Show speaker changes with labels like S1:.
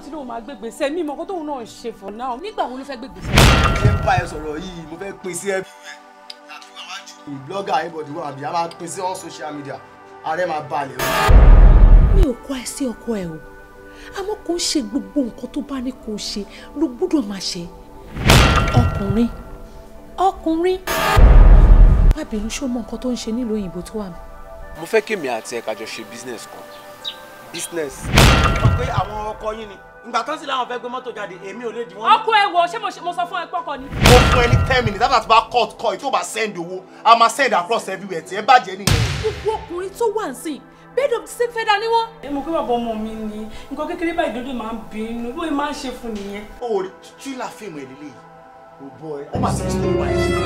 S1: náà tí lóun máa gbé gbèsè mi mọ̀ kó tóun náà ṣe for now nígbà wo ló fẹ́ gbé gbèsè.
S2: ṣé ń bá ẹ sọ̀rọ̀ yìí mo fẹ́ pín sí ẹ. blogger everybody wà bí a máa pín sí all social media ààrẹ máa balẹ̀ o.
S3: mi ò kọ́ ẹ sí ọkọ ẹ o àmọ́ kò ń ṣe gbogbo nǹkan tó bá ní kò ṣe ló gbọ́dọ̀ máa ṣe ọkùnrin ọkùnrin
S4: má bínú ṣó mọ nǹkan tó ń ṣe nílùú òyìnbó tó wà mí.
S2: mo fẹ́ kémi àti ẹ̀ka jọ ṣe business kan business. wọ́n pe àwọn ọkọ yín ni ìgbà tán sì
S5: láwọn fẹ́ gbé mọ́tò jáde èmi ò lè dì wọ́n. ọkọ ẹ wo ṣé mo sọ fún ẹ pọkọ ni. mo fún ẹ ní ten minutes after ti bá cut call tí o bá send owó a máa send across everywhere tí ẹ bàjẹ́ nìyẹn.
S6: gbogbo ọkùnrin tó wà sí bed of the same feather ni wọn. ẹ mọ̀ pé bàbá ọmọ mi ni
S5: nǹkan kékeré báyìí dúdú máa ń bínú bóyá máa ń ṣe fún nìyẹn. o rí títílà fíìmù ẹ̀ lílé yìí ó ẹ ó máa ṣe é sí